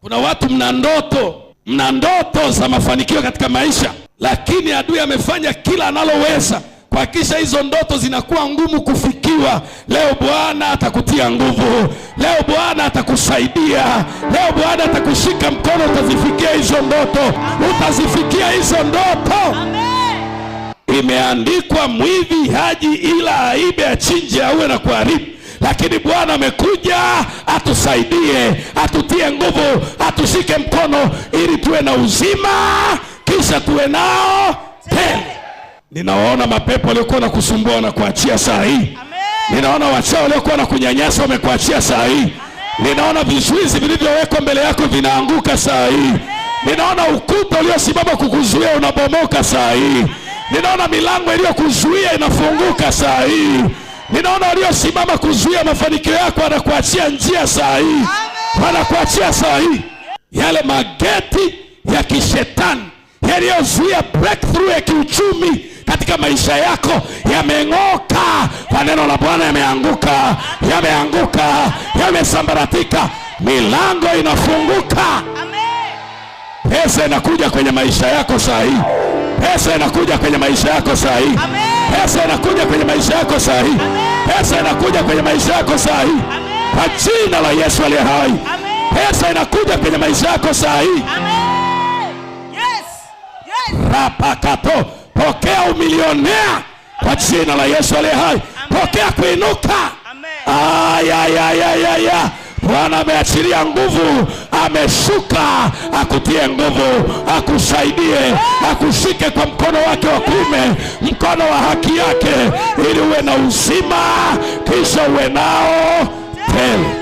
Kuna watu mna ndoto, mna ndoto za mafanikio katika maisha, lakini adui amefanya kila analoweza kuhakikisha hizo ndoto zinakuwa ngumu kufikiwa. Leo Bwana atakutia nguvu, leo Bwana atakusaidia, leo Bwana atakushika mkono, utazifikia hizo ndoto, utazifikia hizo ndoto. Amen. Imeandikwa, mwivi haji ila aibe, achinje, auwe na kuharibu lakini Bwana amekuja atusaidie, atutie nguvu, atushike mkono ili tuwe na uzima, kisha tuwe nao tele. Ninaona mapepo waliokuwa na kusumbua wanakuachia saa hii. Ninaona wachao waliokuwa na kunyanyasa wamekuachia saa hii. Ninaona vizuizi vilivyowekwa mbele yako vinaanguka saa hii. Ninaona ukuta uliosimama kukuzuia unabomoka saa hii. Ninaona milango iliyokuzuia inafunguka saa hii. Ninaona waliosimama kuzuia mafanikio yako wanakuachia njia sahihi, wanakuachia hii. Yale mageti ya kishetani yaliyozuia breakthrough ya kiuchumi katika maisha yako yameng'oka, kwa neno la Bwana yameanguka, yameanguka, yamesambaratika, milango inafunguka, pesa inakuja kwenye maisha yako hii. Pesa inakuja kwenye maisha yako saa hii. Pesa inakuja kwenye maisha yako saa hii. Pesa inakuja kwenye maisha yako saa hii, kwa jina la Yesu aliye hai. Pesa inakuja kwenye maisha yako saa hii. Yes. Yes. Rapakato, pokea umilionea kwa jina la Yesu aliye hai. Pokea kuinuka. Ayayayaya, Bwana ameachilia nguvu ameshuka akutie nguvu, akusaidie, akushike kwa mkono wake wa kuume, mkono wa haki yake, ili uwe na uzima, kisha uwe nao tele